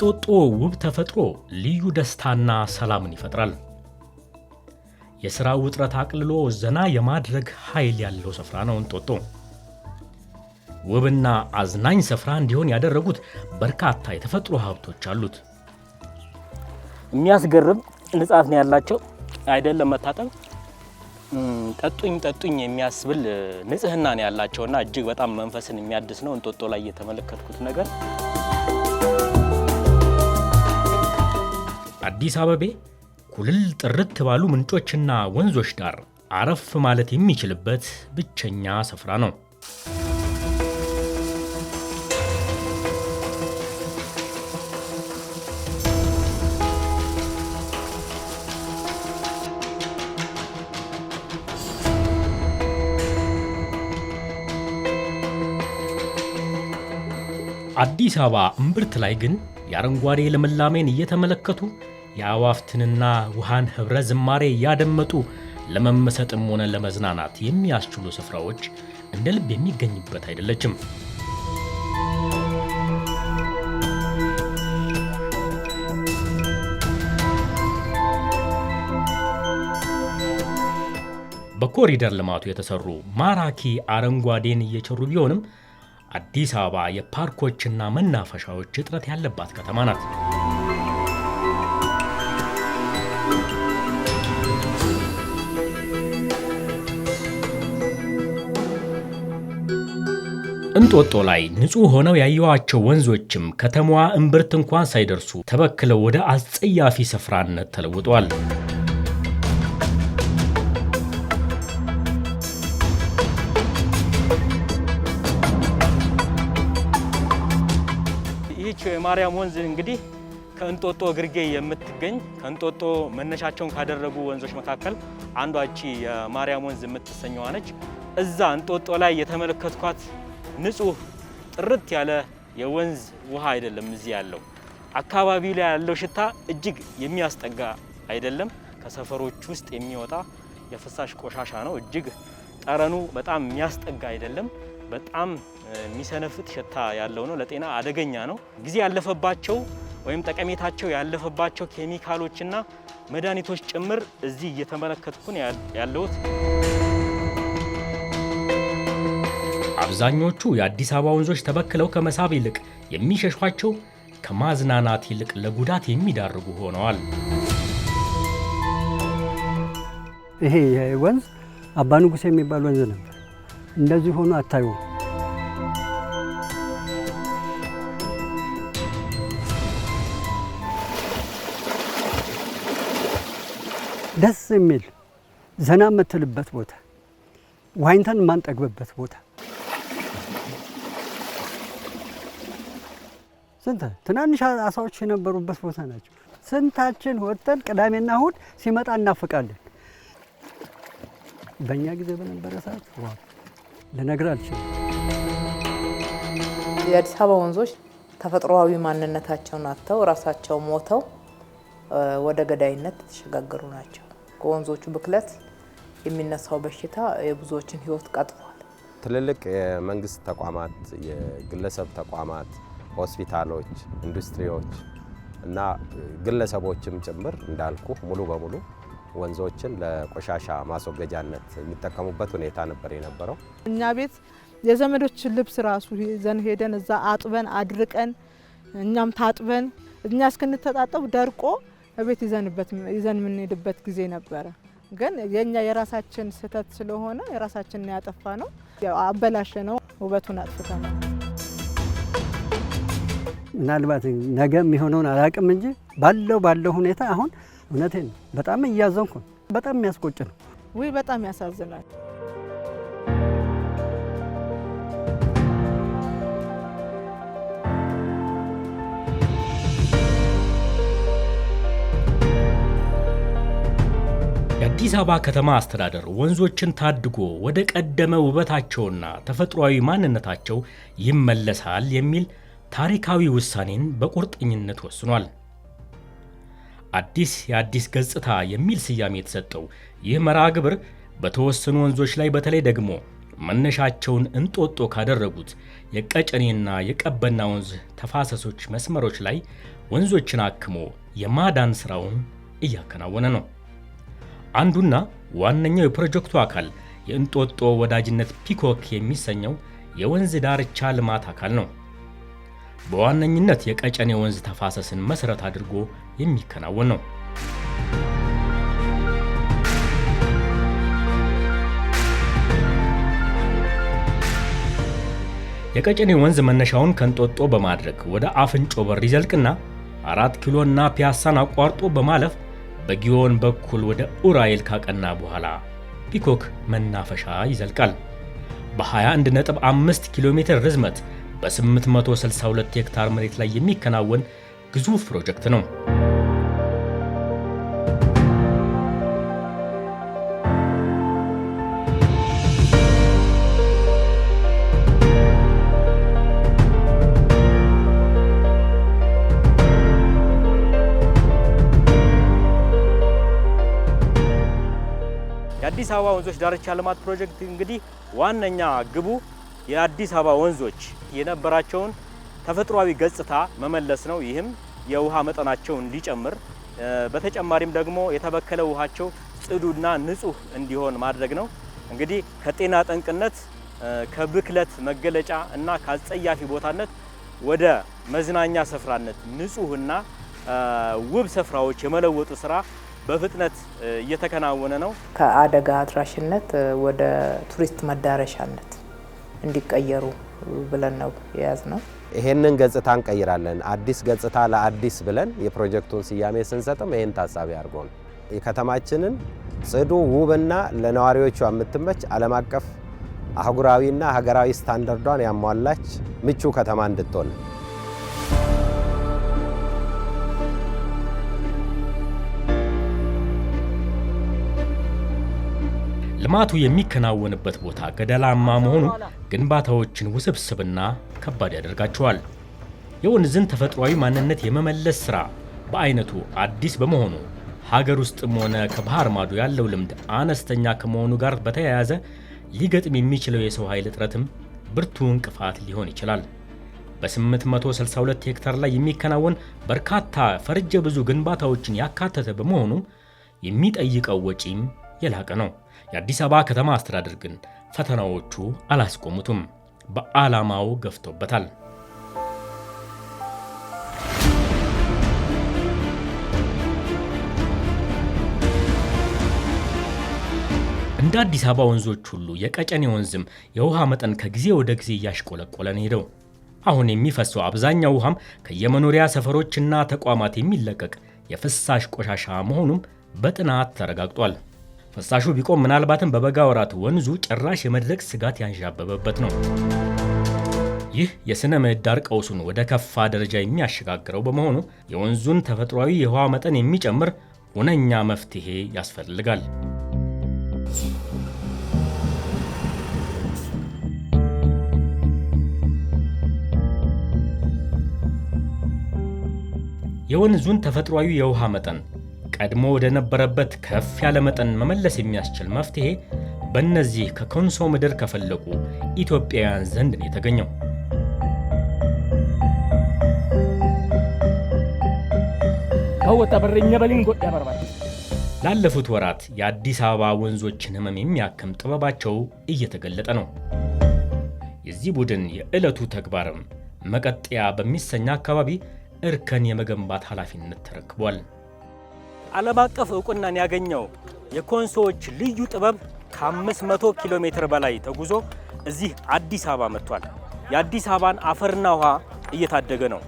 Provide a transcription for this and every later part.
የእንጦጦ ውብ ተፈጥሮ ልዩ ደስታና ሰላምን ይፈጥራል። የሥራ ውጥረት አቅልሎ ዘና የማድረግ ኃይል ያለው ስፍራ ነው እንጦጦ። ውብና አዝናኝ ስፍራ እንዲሆን ያደረጉት በርካታ የተፈጥሮ ሀብቶች አሉት። የሚያስገርም ንጻት ነው ያላቸው አይደለም መታጠብ ጠጡኝ ጠጡኝ የሚያስብል ንጽህና ነው ያላቸውና እጅግ በጣም መንፈስን የሚያድስ ነው። እንጦጦ ላይ የተመለከትኩት ነገር አዲስ አበቤ ኩልል ጥርት ባሉ ምንጮችና ወንዞች ዳር አረፍ ማለት የሚችልበት ብቸኛ ስፍራ ነው። አዲስ አበባ እምብርት ላይ ግን የአረንጓዴ ልምላሜን እየተመለከቱ የአዋፍትንና ውሃን ኅብረ ዝማሬ ያደመጡ ለመመሰጥም ሆነ ለመዝናናት የሚያስችሉ ስፍራዎች እንደ ልብ የሚገኝበት አይደለችም። በኮሪደር ልማቱ የተሰሩ ማራኪ አረንጓዴን እየቸሩ ቢሆንም አዲስ አበባ የፓርኮችና መናፈሻዎች እጥረት ያለባት ከተማ ናት። እንጦጦ ላይ ንጹህ ሆነው ያየዋቸው ወንዞችም ከተማዋ እምብርት እንኳን ሳይደርሱ ተበክለው ወደ አስጸያፊ ስፍራነት ተለውጧል። ይህች የማርያም ወንዝ እንግዲህ ከእንጦጦ ግርጌ የምትገኝ ከእንጦጦ መነሻቸውን ካደረጉ ወንዞች መካከል አንዷ እቺ የማርያም ወንዝ የምትሰኘዋ ነች። እዛ እንጦጦ ላይ የተመለከትኳት ንጹህ ጥርት ያለ የወንዝ ውሃ አይደለም። እዚህ ያለው አካባቢ ላይ ያለው ሽታ እጅግ የሚያስጠጋ አይደለም። ከሰፈሮች ውስጥ የሚወጣ የፍሳሽ ቆሻሻ ነው። እጅግ ጠረኑ በጣም የሚያስጠጋ አይደለም። በጣም የሚሰነፍጥ ሽታ ያለው ነው። ለጤና አደገኛ ነው። ጊዜ ያለፈባቸው ወይም ጠቀሜታቸው ያለፈባቸው ኬሚካሎችና መድኃኒቶች ጭምር እዚህ እየተመለከትኩን ያለሁት አብዛኞቹ የአዲስ አበባ ወንዞች ተበክለው ከመሳብ ይልቅ የሚሸሿቸው ከማዝናናት ይልቅ ለጉዳት የሚዳርጉ ሆነዋል። ይሄ ወንዝ አባ ንጉሥ የሚባል ወንዝ ነበር። እንደዚህ ሆኖ አታዩም። ደስ የሚል ዘና የምትልበት ቦታ፣ ዋኝተን የማንጠግብበት ቦታ ስንት ትናንሽ አሳዎች የነበሩበት ቦታ ናቸው። ስንታችን ወጥተን ቅዳሜና እሁድ ሲመጣ እናፍቃለን። በእኛ ጊዜ በነበረ ሰዓት ዋ ልነግርህ አልችልም። የአዲስ አበባ ወንዞች ተፈጥሮዊ ማንነታቸውን አጥተው ራሳቸው ሞተው ወደ ገዳይነት የተሸጋገሩ ናቸው። ከወንዞቹ ብክለት የሚነሳው በሽታ የብዙዎችን ሕይወት ቀጥፏል። ትልልቅ የመንግስት ተቋማት፣ የግለሰብ ተቋማት ሆስፒታሎች፣ ኢንዱስትሪዎች እና ግለሰቦችም ጭምር እንዳልኩ ሙሉ በሙሉ ወንዞችን ለቆሻሻ ማስወገጃነት የሚጠቀሙበት ሁኔታ ነበር የነበረው። እኛ ቤት የዘመዶች ልብስ ራሱ ይዘን ሄደን እዛ አጥበን አድርቀን እኛም ታጥበን እኛ እስክንተጣጠብ ደርቆ ቤት ይዘን የምንሄድበት ጊዜ ነበረ። ግን የኛ የራሳችን ስህተት ስለሆነ የራሳችን ያጠፋ ነው፣ አበላሸ ነው፣ ውበቱን አጥፍተ ምናልባት ነገ የሚሆነውን አላቅም እንጂ ባለው ባለው ሁኔታ አሁን እውነቴን በጣም እያዘንኩ በጣም የሚያስቆጭ ነው። ውይ በጣም ያሳዝናል። የአዲስ አበባ ከተማ አስተዳደር ወንዞችን ታድጎ ወደ ቀደመ ውበታቸውና ተፈጥሯዊ ማንነታቸው ይመለሳል የሚል ታሪካዊ ውሳኔን በቁርጠኝነት ወስኗል። አዲስ የአዲስ ገጽታ የሚል ስያሜ የተሰጠው ይህ መርሃ ግብር በተወሰኑ ወንዞች ላይ በተለይ ደግሞ መነሻቸውን እንጦጦ ካደረጉት የቀጨኔና የቀበና ወንዝ ተፋሰሶች መስመሮች ላይ ወንዞችን አክሞ የማዳን ስራውን እያከናወነ ነው። አንዱና ዋነኛው የፕሮጀክቱ አካል የእንጦጦ ወዳጅነት ፒኮክ የሚሰኘው የወንዝ ዳርቻ ልማት አካል ነው። በዋነኝነት የቀጨኔ ወንዝ ተፋሰስን መሰረት አድርጎ የሚከናወን ነው። የቀጨኔ ወንዝ መነሻውን ከንጦጦ በማድረግ ወደ አፍንጮ በር ይዘልቅና አራት ኪሎና ፒያሳን አቋርጦ በማለፍ በጊዮን በኩል ወደ ኡራኤል ካቀና በኋላ ፒኮክ መናፈሻ ይዘልቃል። በ21.5 ኪሎ ሜትር ርዝመት በ862 ሄክታር መሬት ላይ የሚከናወን ግዙፍ ፕሮጀክት ነው። የአዲስ አበባ ወንዞች ዳርቻ ልማት ፕሮጀክት እንግዲህ ዋነኛ ግቡ የአዲስ አበባ ወንዞች የነበራቸውን ተፈጥሯዊ ገጽታ መመለስ ነው። ይህም የውሃ መጠናቸው እንዲጨምር በተጨማሪም ደግሞ የተበከለ ውሃቸው ጽዱና ንጹህ እንዲሆን ማድረግ ነው። እንግዲህ ከጤና ጠንቅነት ከብክለት መገለጫ እና ከአጸያፊ ቦታነት ወደ መዝናኛ ስፍራነት ንጹህና ውብ ስፍራዎች የመለወጡ ስራ በፍጥነት እየተከናወነ ነው። ከአደጋ አድራሽነት ወደ ቱሪስት መዳረሻነት እንዲቀየሩ ብለን ነው የያዝነው። ይሄንን ገጽታ እንቀይራለን፣ አዲስ ገጽታ ለአዲስ ብለን የፕሮጀክቱን ስያሜ ስንሰጥም ይህን ታሳቢ አድርጎ ነው። የከተማችንን ጽዱ ውብና ለነዋሪዎቿ የምትመች ዓለም አቀፍ አህጉራዊና ሀገራዊ ስታንዳርዷን ያሟላች ምቹ ከተማ እንድትሆን ልማቱ የሚከናወንበት ቦታ ገደላማ መሆኑ ግንባታዎችን ውስብስብና ከባድ ያደርጋቸዋል። የወንዝን ተፈጥሯዊ ማንነት የመመለስ ሥራ በአይነቱ አዲስ በመሆኑ ሀገር ውስጥም ሆነ ከባህር ማዶ ያለው ልምድ አነስተኛ ከመሆኑ ጋር በተያያዘ ሊገጥም የሚችለው የሰው ኃይል እጥረትም ብርቱ እንቅፋት ሊሆን ይችላል። በ862 ሄክታር ላይ የሚከናወን በርካታ ፈርጀ ብዙ ግንባታዎችን ያካተተ በመሆኑ የሚጠይቀው ወጪም የላቀ ነው። የአዲስ አበባ ከተማ አስተዳደር ግን ፈተናዎቹ አላስቆሙትም፣ በዓላማው ገፍቶበታል። እንደ አዲስ አበባ ወንዞች ሁሉ የቀጨኔ ወንዝም የውሃ መጠን ከጊዜ ወደ ጊዜ እያሽቆለቆለ ሄደው አሁን የሚፈሰው አብዛኛው ውሃም ከየመኖሪያ ሰፈሮችና ተቋማት የሚለቀቅ የፍሳሽ ቆሻሻ መሆኑም በጥናት ተረጋግጧል። ፍሳሹ ቢቆም ምናልባትም በበጋ ወራት ወንዙ ጭራሽ የመድረቅ ስጋት ያንዣበበበት ነው። ይህ የሥነ ምህዳር ቀውሱን ወደ ከፋ ደረጃ የሚያሸጋግረው በመሆኑ የወንዙን ተፈጥሯዊ የውሃ መጠን የሚጨምር ሁነኛ መፍትሄ ያስፈልጋል። የወንዙን ተፈጥሯዊ የውሃ መጠን ቀድሞ ወደነበረበት ከፍ ያለ መጠን መመለስ የሚያስችል መፍትሄ በእነዚህ ከኮንሶ ምድር ከፈለቁ ኢትዮጵያውያን ዘንድ ነው የተገኘው። ላለፉት ወራት የአዲስ አበባ ወንዞችን ህመም የሚያክም ጥበባቸው እየተገለጠ ነው። የዚህ ቡድን የዕለቱ ተግባርም መቀጠያ በሚሰኝ አካባቢ እርከን የመገንባት ኃላፊነት ተረክቧል። ዓለም አቀፍ እውቅናን ያገኘው የኮንሶዎች ልዩ ጥበብ ከ500 ኪሎ ሜትር በላይ ተጉዞ እዚህ አዲስ አበባ መጥቷል። የአዲስ አበባን አፈርና ውሃ እየታደገ ነው።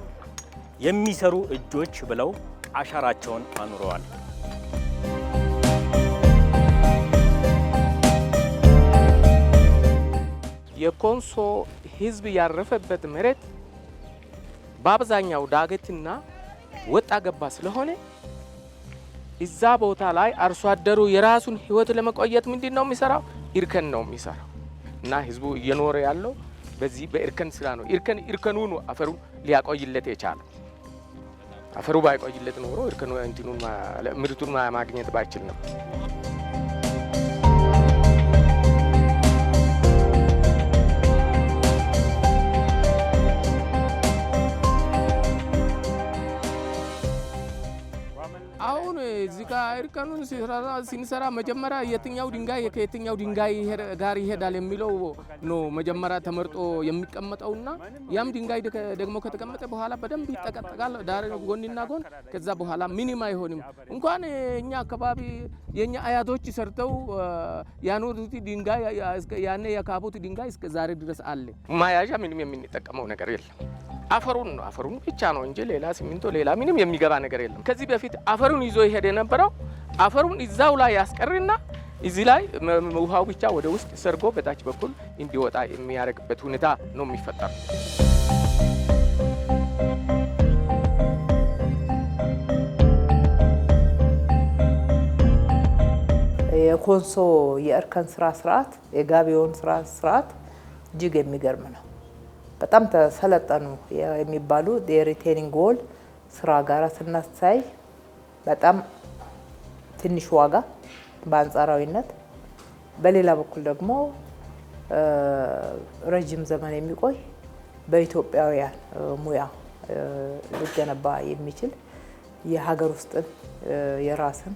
የሚሰሩ እጆች ብለው አሻራቸውን አኑረዋል። የኮንሶ ሕዝብ ያረፈበት መሬት በአብዛኛው ዳገትና ወጣ ገባ ስለሆነ እዛ ቦታ ላይ አርሶ አደሩ የራሱን ህይወት ለመቆየት ምንድን ነው የሚሰራው? እርከን ነው የሚሰራው እና ህዝቡ እየኖረ ያለው በዚህ በእርከን ስራ ነው። እርከን እርከኑ ነው አፈሩ ሊያቆይለት የቻለ አፈሩ ባይቆይለት ኖሮ እርከኑ ምርቱን ማግኘት ባይችል ነው። እዚህ ጋር እርከኑን ሲንሰራ መጀመሪያ የትኛው ድንጋይ ከየትኛው ድንጋይ ጋር ይሄዳል የሚለው ነው መጀመሪያ ተመርጦ የሚቀመጠውና ያም ድንጋይ ደግሞ ከተቀመጠ በኋላ በደንብ ይጠቀጠቃል ዳር ጎንና ጎን። ከዛ በኋላ ሚኒም አይሆንም። እንኳን እኛ አካባቢ የእኛ አያቶች ሰርተው ያኖሩት ድንጋይ ያኔ የካቡት ድንጋይ እስከ ዛሬ ድረስ አለ። ማያዣ ምንም የምንጠቀመው ነገር የለም። አፈሩን ነው አፈሩን ብቻ ነው እንጂ ሌላ ሲሚንቶ፣ ሌላ ምንም የሚገባ ነገር የለም። ከዚህ በፊት አፈሩን ይዞ ይሄደ የነበረው አፈሩን እዛው ላይ ያስቀርና እዚህ ላይ ውሃው ብቻ ወደ ውስጥ ሰርጎ በታች በኩል እንዲወጣ የሚያደርግበት ሁኔታ ነው የሚፈጠረው። የኮንሶ የእርከን ስራ ስርዓት የጋቢዮን ስራ ስርዓት እጅግ የሚገርም ነው። በጣም ተሰለጠኑ የሚባሉ የሪቴኒንግ ዎል ስራ ጋራ ስናሳይ በጣም ትንሽ ዋጋ በአንጻራዊነት፣ በሌላ በኩል ደግሞ ረጅም ዘመን የሚቆይ በኢትዮጵያውያን ሙያ ሊገነባ የሚችል የሀገር ውስጥን የራስን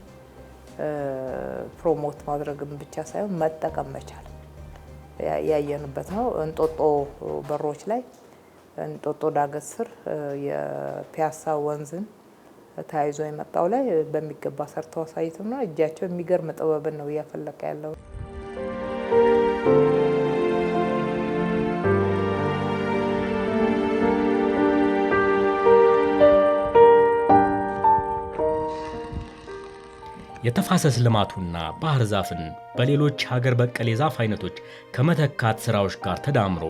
ፕሮሞት ማድረግን ብቻ ሳይሆን መጠቀም መቻል ያየንበት ነው። እንጦጦ በሮች ላይ እንጦጦ ዳገት ስር የፒያሳ ወንዝን ተያይዞ የመጣው ላይ በሚገባ ሰርተው አሳይተው ነው። እጃቸው የሚገርም ጥበብን ነው እያፈለቀ ያለው። የተፋሰስ ልማቱና ባህር ዛፍን በሌሎች ሀገር በቀል የዛፍ አይነቶች ከመተካት ስራዎች ጋር ተዳምሮ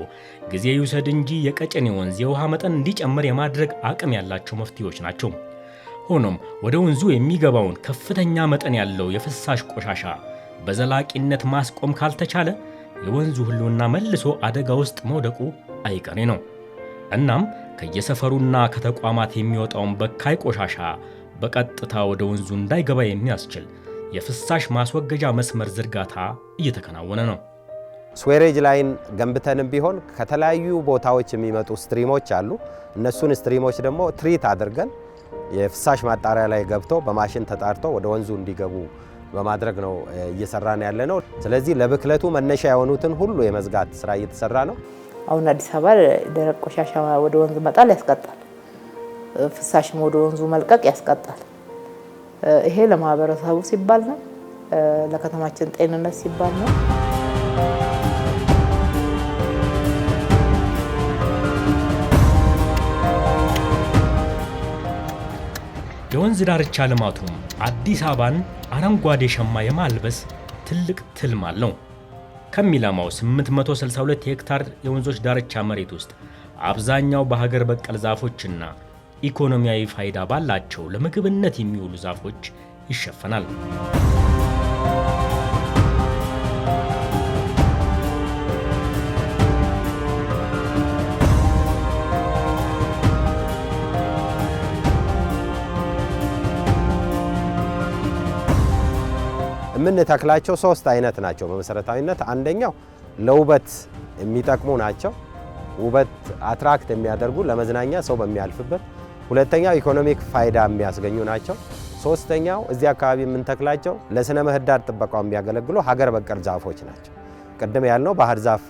ጊዜ ይውሰድ እንጂ የቀጨኔ ወንዝ የውሃ መጠን እንዲጨምር የማድረግ አቅም ያላቸው መፍትሄዎች ናቸው። ሆኖም ወደ ወንዙ የሚገባውን ከፍተኛ መጠን ያለው የፍሳሽ ቆሻሻ በዘላቂነት ማስቆም ካልተቻለ የወንዙ ሕልውና መልሶ አደጋ ውስጥ መውደቁ አይቀሬ ነው። እናም ከየሰፈሩና ከተቋማት የሚወጣውን በካይ ቆሻሻ በቀጥታ ወደ ወንዙ እንዳይገባ የሚያስችል የፍሳሽ ማስወገጃ መስመር ዝርጋታ እየተከናወነ ነው። ስዌሬጅ ላይን ገንብተንም ቢሆን ከተለያዩ ቦታዎች የሚመጡ ስትሪሞች አሉ። እነሱን ስትሪሞች ደግሞ ትሪት አድርገን የፍሳሽ ማጣሪያ ላይ ገብቶ በማሽን ተጣርቶ ወደ ወንዙ እንዲገቡ በማድረግ ነው እየሰራን ያለ ነው። ስለዚህ ለብክለቱ መነሻ የሆኑትን ሁሉ የመዝጋት ስራ እየተሰራ ነው። አሁን አዲስ አበባ ደረቅ ቆሻሻ ወደ ወንዙ መጣል ያስቀጣል፣ ፍሳሽም ወደ ወንዙ መልቀቅ ያስቀጣል። ይሄ ለማህበረሰቡ ሲባል ነው፣ ለከተማችን ጤንነት ሲባል ነው። የወንዝ ዳርቻ ልማቱም አዲስ አበባን አረንጓዴ ሸማ የማልበስ ትልቅ ትልም አለው። ከሚለማው 862 ሄክታር የወንዞች ዳርቻ መሬት ውስጥ አብዛኛው በሀገር በቀል ዛፎችና ኢኮኖሚያዊ ፋይዳ ባላቸው ለምግብነት የሚውሉ ዛፎች ይሸፈናል። የምንተክላቸው ሶስት አይነት ናቸው በመሰረታዊነት። አንደኛው ለውበት የሚጠቅሙ ናቸው፣ ውበት አትራክት የሚያደርጉ ለመዝናኛ ሰው በሚያልፍበት። ሁለተኛው ኢኮኖሚክ ፋይዳ የሚያስገኙ ናቸው። ሶስተኛው እዚህ አካባቢ የምንተክላቸው ለስነ ምህዳር ጥበቃው የሚያገለግሉ ሀገር በቀል ዛፎች ናቸው። ቅድም ያልነው ባህር ዛፍ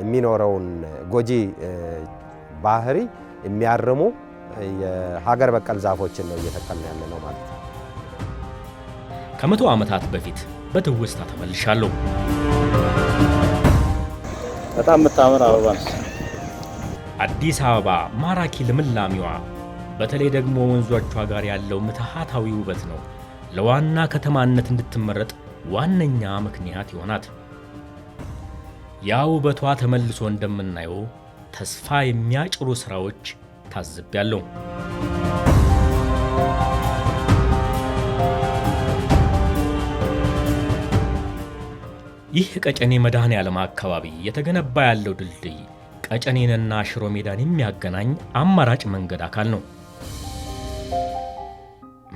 የሚኖረውን ጎጂ ባህሪ የሚያርሙ የሀገር በቀል ዛፎችን ነው እየተከልን ያለ ነው ማለት ነው። ከመቶ ዓመታት በፊት በትውስታ ተመልሻለሁ። በጣም የምታምር አበባ አዲስ አበባ። ማራኪ ልምላሜዋ፣ በተለይ ደግሞ ወንዞቿ ጋር ያለው ምትሃታዊ ውበት ነው ለዋና ከተማነት እንድትመረጥ ዋነኛ ምክንያት ይሆናት። ያ ውበቷ ተመልሶ እንደምናየው ተስፋ የሚያጭሩ ሥራዎች ታዝቤያለሁ። ይህ ቀጨኔ መድኃኔ ዓለም አካባቢ የተገነባ ያለው ድልድይ ቀጨኔንና ሽሮ ሜዳን የሚያገናኝ አማራጭ መንገድ አካል ነው።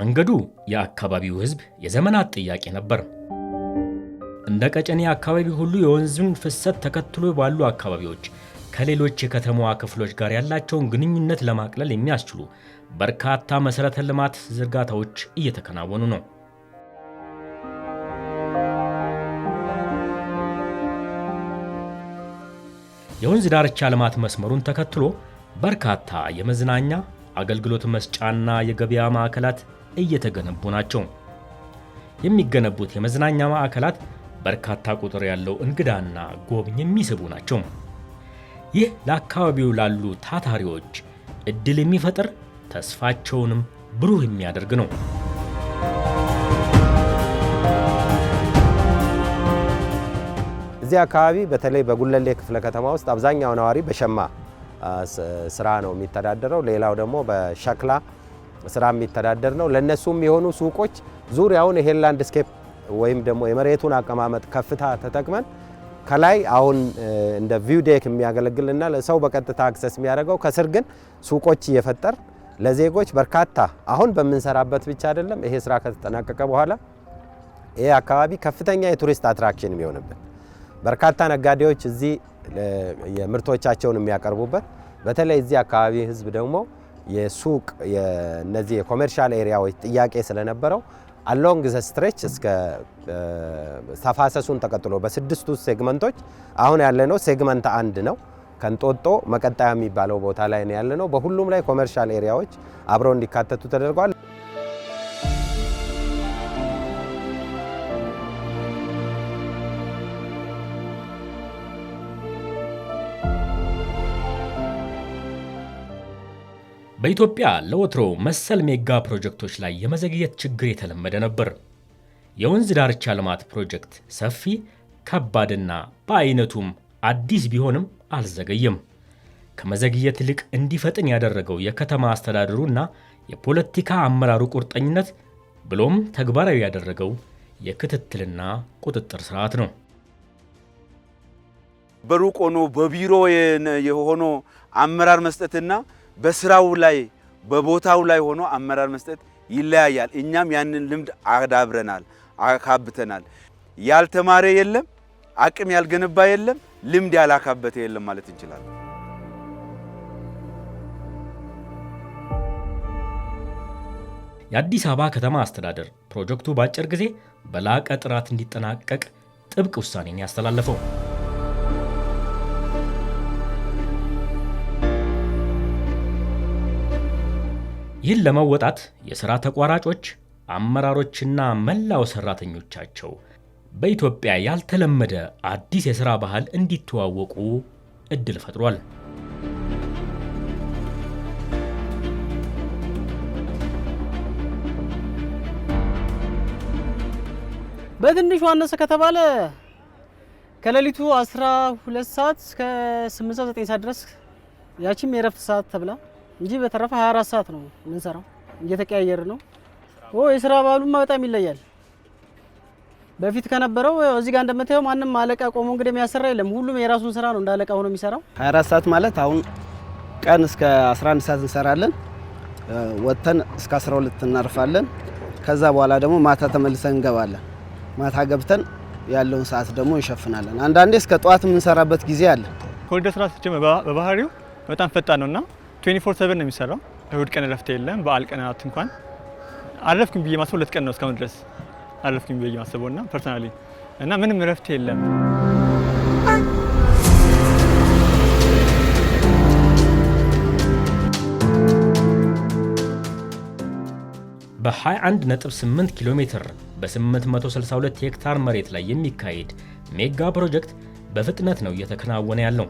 መንገዱ የአካባቢው ሕዝብ የዘመናት ጥያቄ ነበር። እንደ ቀጨኔ አካባቢ ሁሉ የወንዝን ፍሰት ተከትሎ ባሉ አካባቢዎች ከሌሎች የከተማዋ ክፍሎች ጋር ያላቸውን ግንኙነት ለማቅለል የሚያስችሉ በርካታ መሠረተ ልማት ዝርጋታዎች እየተከናወኑ ነው። የወንዝ ዳርቻ ልማት መስመሩን ተከትሎ በርካታ የመዝናኛ አገልግሎት መስጫና የገበያ ማዕከላት እየተገነቡ ናቸው። የሚገነቡት የመዝናኛ ማዕከላት በርካታ ቁጥር ያለው እንግዳና ጎብኝ የሚስቡ ናቸው። ይህ ለአካባቢው ላሉ ታታሪዎች እድል የሚፈጥር ተስፋቸውንም ብሩህ የሚያደርግ ነው። እዚህ አካባቢ በተለይ በጉለሌ ክፍለ ከተማ ውስጥ አብዛኛው ነዋሪ በሸማ ስራ ነው የሚተዳደረው። ሌላው ደግሞ በሸክላ ስራ የሚተዳደር ነው። ለነሱም የሆኑ ሱቆች ዙሪያውን ይሄን ላንድስኬፕ ወይም ደግሞ የመሬቱን አቀማመጥ ከፍታ ተጠቅመን ከላይ አሁን እንደ ቪው ዴክ የሚያገለግልና ለሰው በቀጥታ አክሰስ የሚያደርገው ከስር ግን ሱቆች እየፈጠር ለዜጎች በርካታ አሁን በምንሰራበት ብቻ አይደለም። ይሄ ስራ ከተጠናቀቀ በኋላ ይሄ አካባቢ ከፍተኛ የቱሪስት አትራክሽን የሚሆንበት በርካታ ነጋዴዎች እዚህ የምርቶቻቸውን የሚያቀርቡበት በተለይ እዚህ አካባቢ ህዝብ ደግሞ የሱቅ እነዚህ የኮሜርሻል ኤሪያዎች ጥያቄ ስለነበረው አሎንግ ዘ ስትሬች እስከ ተፋሰሱን ተቀጥሎ በስድስቱ ሴግመንቶች አሁን ነው። ሴግመንት አንድ ነው። ከንጦጦ መቀጣያ የሚባለው ቦታ ላይ ነው በሁሉም ላይ ኮሜርሻል ኤሪያዎች አብረው እንዲካተቱ ተደርጓል። በኢትዮጵያ ለወትሮ መሰል ሜጋ ፕሮጀክቶች ላይ የመዘግየት ችግር የተለመደ ነበር። የወንዝ ዳርቻ ልማት ፕሮጀክት ሰፊ፣ ከባድና በአይነቱም አዲስ ቢሆንም አልዘገየም። ከመዘግየት ይልቅ እንዲፈጥን ያደረገው የከተማ አስተዳደሩና የፖለቲካ አመራሩ ቁርጠኝነት ብሎም ተግባራዊ ያደረገው የክትትልና ቁጥጥር ስርዓት ነው። በሩቅ ሆኖ በቢሮ የሆኖ አመራር መስጠትና በስራው ላይ በቦታው ላይ ሆኖ አመራር መስጠት ይለያያል። እኛም ያንን ልምድ አዳብረናል፣ አካብተናል። ያልተማረ የለም፣ አቅም ያልገነባ የለም፣ ልምድ ያላካበተ የለም ማለት እንችላለን። የአዲስ አበባ ከተማ አስተዳደር ፕሮጀክቱ በአጭር ጊዜ በላቀ ጥራት እንዲጠናቀቅ ጥብቅ ውሳኔን ያስተላለፈው ይህን ለመወጣት የሥራ ተቋራጮች አመራሮችና መላው ሠራተኞቻቸው በኢትዮጵያ ያልተለመደ አዲስ የሥራ ባህል እንዲተዋወቁ ዕድል ፈጥሯል። በትንሹ አነሰ ከተባለ ከሌሊቱ 12 ሰዓት እስከ 8 ሰዓት 9 ሰዓት ድረስ ያቺም የረፍት ሰዓት ተብላ እንጂ በተረፈ 24 ሰዓት ነው የምንሰራው። እየተቀያየር ነው። ኦ የስራ ባህሉማ በጣም ይለያል። በፊት ከነበረው እዚህ ጋር እንደምታየው ማንም አለቃ ቆሞ እንግዲህ የሚያሰራ የለም። ሁሉም የራሱን ስራ ነው እንደ አለቃ ሆኖ የሚሰራው። 24 ሰዓት ማለት አሁን ቀን እስከ 11 ሰዓት እንሰራለን፣ ወጥተን እስከ 12 እናርፋለን። ከዛ በኋላ ደግሞ ማታ ተመልሰን እንገባለን። ማታ ገብተን ያለውን ሰዓት ደግሞ እንሸፍናለን። አንዳንዴ እስከ ጠዋት የምንሰራበት ጊዜ አለ። ኮሪደር ስራ በባህሪው በጣም ፈጣን ነውና 24 7 ነው የሚሰራው። እሁድ ቀን እረፍት የለም። በዓል ቀናት እንኳን አረፍኩኝ ብዬ ማስበው ሁለት ቀን ነው እስካሁን ድረስ አረፍኩኝ ብዬ ማስበው እና ፐርሰናሊ እና ምንም እረፍት የለም። በ21.8 ኪሎ ሜትር በ862 ሄክታር መሬት ላይ የሚካሄድ ሜጋ ፕሮጀክት በፍጥነት ነው እየተከናወነ ያለው።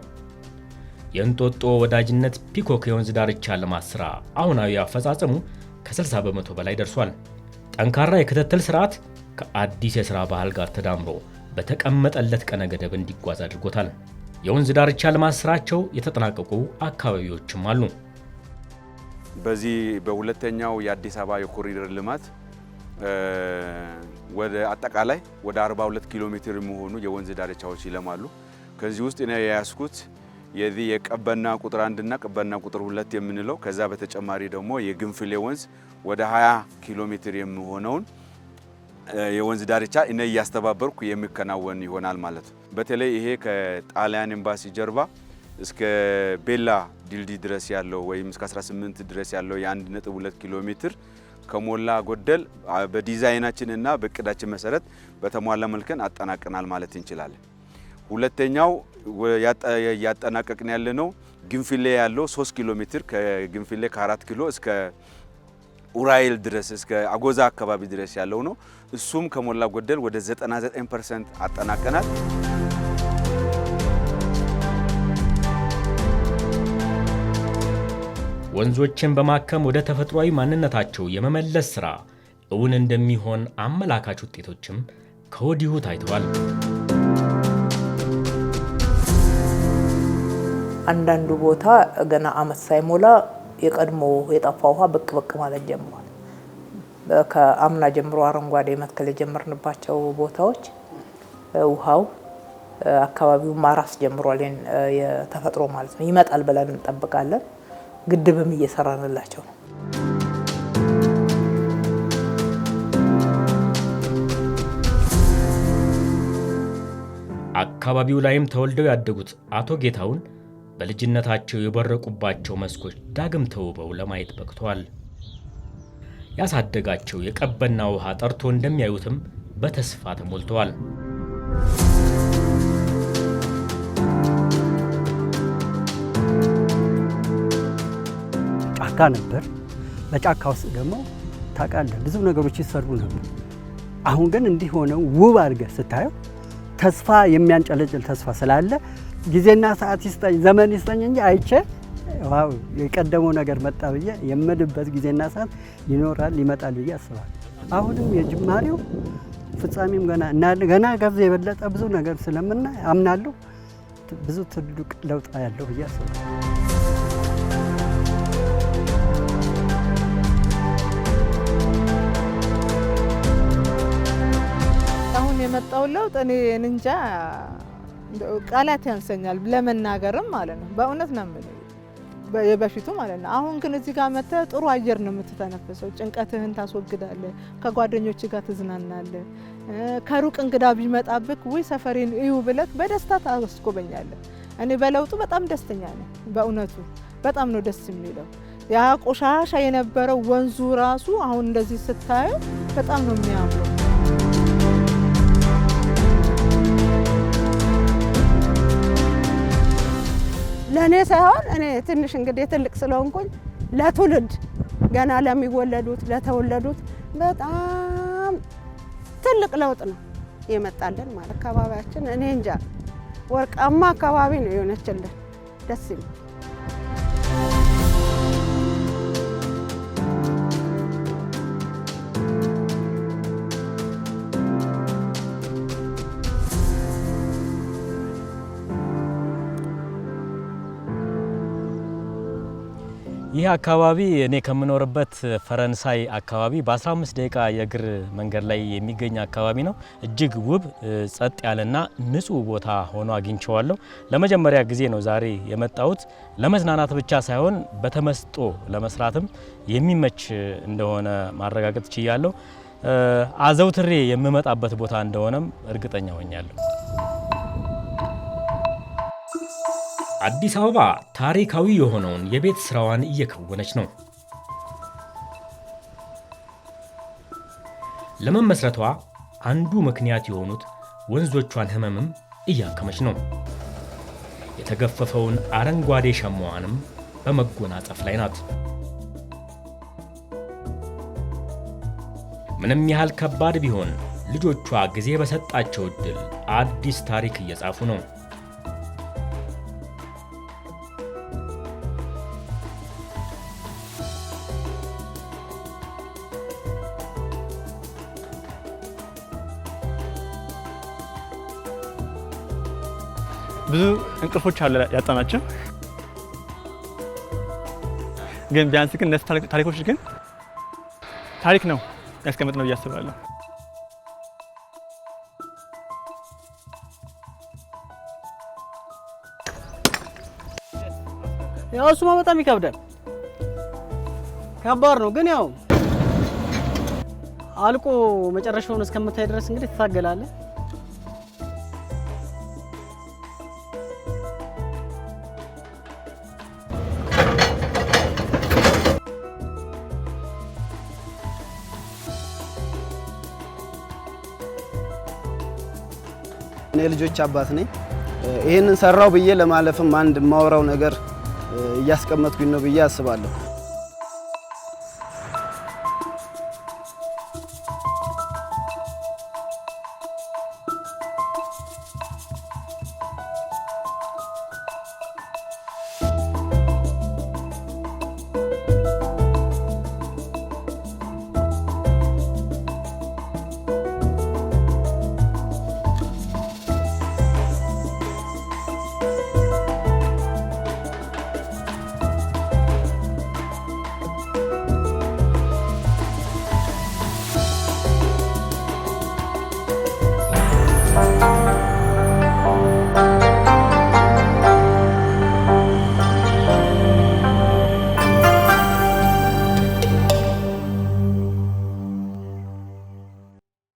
የእንጦጦ ወዳጅነት ፒኮክ የወንዝ ዳርቻ ልማት ሥራ አሁናዊ አፈጻጸሙ ከ60 በመቶ በላይ ደርሷል። ጠንካራ የክትትል ስርዓት ከአዲስ የሥራ ባህል ጋር ተዳምሮ በተቀመጠለት ቀነ ገደብ እንዲጓዝ አድርጎታል። የወንዝ ዳርቻ ልማት ስራቸው የተጠናቀቁ አካባቢዎችም አሉ። በዚህ በሁለተኛው የአዲስ አበባ የኮሪደር ልማት ወደ አጠቃላይ ወደ 42 ኪሎ ሜትር የሚሆኑ የወንዝ ዳርቻዎች ይለማሉ። ከዚህ ውስጥ እኔ የያዝኩት የዚህ የቀበና ቁጥር አንድና ቀበና ቁጥር ሁለት የምንለው ከዛ በተጨማሪ ደግሞ የግንፍሌ ወንዝ ወደ 20 ኪሎ ሜትር የሚሆነውን የወንዝ ዳርቻ እኔ እያስተባበርኩ የሚከናወን ይሆናል ማለት ነው። በተለይ ይሄ ከጣሊያን ኤምባሲ ጀርባ እስከ ቤላ ድልድይ ድረስ ያለው ወይም እስከ 18 ድረስ ያለው የ1.2 ኪሎ ሜትር ከሞላ ጎደል በዲዛይናችን እና በእቅዳችን መሰረት በተሟላ መልከን አጠናቀናል ማለት እንችላለን። ሁለተኛው ያጠናቀቅን ያለ ነው ግንፍሌ ያለው 3 ኪሎ ሜትር ከግንፍሌ ከ4 ኪሎ እስከ ኡራኤል ድረስ እስከ አጎዛ አካባቢ ድረስ ያለው ነው። እሱም ከሞላ ጎደል ወደ 99% አጠናቀናል። ወንዞችን በማከም ወደ ተፈጥሯዊ ማንነታቸው የመመለስ ስራ እውን እንደሚሆን አመላካች ውጤቶችም ከወዲሁ ታይተዋል። አንዳንዱ ቦታ ገና አመት ሳይሞላ የቀድሞ የጠፋ ውሃ ብቅ ብቅ ማለት ጀምሯል። ከአምና ጀምሮ አረንጓዴ መትከል የጀመርንባቸው ቦታዎች ውሃው አካባቢው ማራስ ጀምሯል። የተፈጥሮ ማለት ነው። ይመጣል ብለን እንጠብቃለን። ግድብም እየሰራንላቸው ነው። አካባቢው ላይም ተወልደው ያደጉት አቶ ጌታውን በልጅነታቸው የበረቁባቸው መስኮች ዳግም ተውበው ለማየት በቅተዋል። ያሳደጋቸው የቀበና ውሃ ጠርቶ እንደሚያዩትም በተስፋ ተሞልተዋል። ጫካ ነበር። በጫካ ውስጥ ደግሞ ታውቃለህ ብዙ ነገሮች ይሰሩ ነበር። አሁን ግን እንዲህ ሆነው ውብ አድርገህ ስታየው ተስፋ የሚያንጨለጭል ተስፋ ስላለ ጊዜና ሰዓት ይስጠኝ ዘመን ይስጠኝ እንጂ አይቼ ዋው የቀደመው ነገር መጣ ብዬ የምልበት ጊዜና ሰዓት ይኖራል ይመጣል ብዬ አስባለሁ። አሁንም የጅማሬው ፍጻሜም ገና ገና ከዚህ የበለጠ ብዙ ነገር ስለምና አምናለሁ። ብዙ ትልቅ ለውጥ ያለው ብዬ አስባለሁ። የመጣው ለውጥ እኔ እንጃ ቃላት ያንሰኛል ለመናገርም ማለት ነው። በእውነት ነው የምልህ የበፊቱ ማለት ነው። አሁን ግን እዚህ ጋር መጥተህ ጥሩ አየር ነው የምትተነፍሰው። ጭንቀትህን ታስወግዳለህ። ከጓደኞች ጋር ትዝናናለህ። ከሩቅ እንግዳ ቢመጣብክ ውይ ሰፈሬን እዩ ብለት በደስታ ታስጎበኛለህ። እኔ በለውጡ በጣም ደስተኛ ነኝ። በእውነቱ በጣም ነው ደስ የሚለው። ያ ቆሻሻ የነበረው ወንዙ ራሱ አሁን እንደዚህ ስታየው በጣም ነው የሚያምረው። ለእኔ ሳይሆን እኔ ትንሽ እንግዲህ ትልቅ ስለሆንኩኝ ለትውልድ ገና ለሚወለዱት ለተወለዱት በጣም ትልቅ ለውጥ ነው የመጣልን ማለት አካባቢያችን እኔ እንጃ ወርቃማ አካባቢ ነው የሆነችልን። ደስ ይላል። ይህ አካባቢ እኔ ከምኖርበት ፈረንሳይ አካባቢ በ15 ደቂቃ የእግር መንገድ ላይ የሚገኝ አካባቢ ነው። እጅግ ውብ ጸጥ ያለና ንጹህ ቦታ ሆኖ አግኝቸዋለሁ ለመጀመሪያ ጊዜ ነው ዛሬ የመጣሁት። ለመዝናናት ብቻ ሳይሆን በተመስጦ ለመስራትም የሚመች እንደሆነ ማረጋገጥ ችያለሁ። አዘውትሬ የምመጣበት ቦታ እንደሆነም እርግጠኛ ሆኛለሁ። አዲስ አበባ ታሪካዊ የሆነውን የቤት ስራዋን እየከወነች ነው። ለመመስረቷ አንዱ ምክንያት የሆኑት ወንዞቿን ህመምም እያከመች ነው። የተገፈፈውን አረንጓዴ ሸማዋንም በመጎናጸፍ ላይ ናት። ምንም ያህል ከባድ ቢሆን ልጆቿ ጊዜ በሰጣቸው ዕድል አዲስ ታሪክ እየጻፉ ነው። ቅርሶች አለ ያጣናቸው። ግን ቢያንስ ግን እነዚህ ታሪኮች ግን ታሪክ ነው ያስቀምጥ ነው ብዬ አስባለሁ። ያው እሱማ በጣም ይከብዳል፣ ከባድ ነው። ግን ያው አልቆ መጨረሻውን እስከምታይ ድረስ እንግዲህ ትታገላለህ። የልጆች አባት ነኝ። ይህንን ሰራው ብዬ ለማለፍም አንድ የማወራው ነገር እያስቀመጥኩኝ ነው ብዬ አስባለሁ።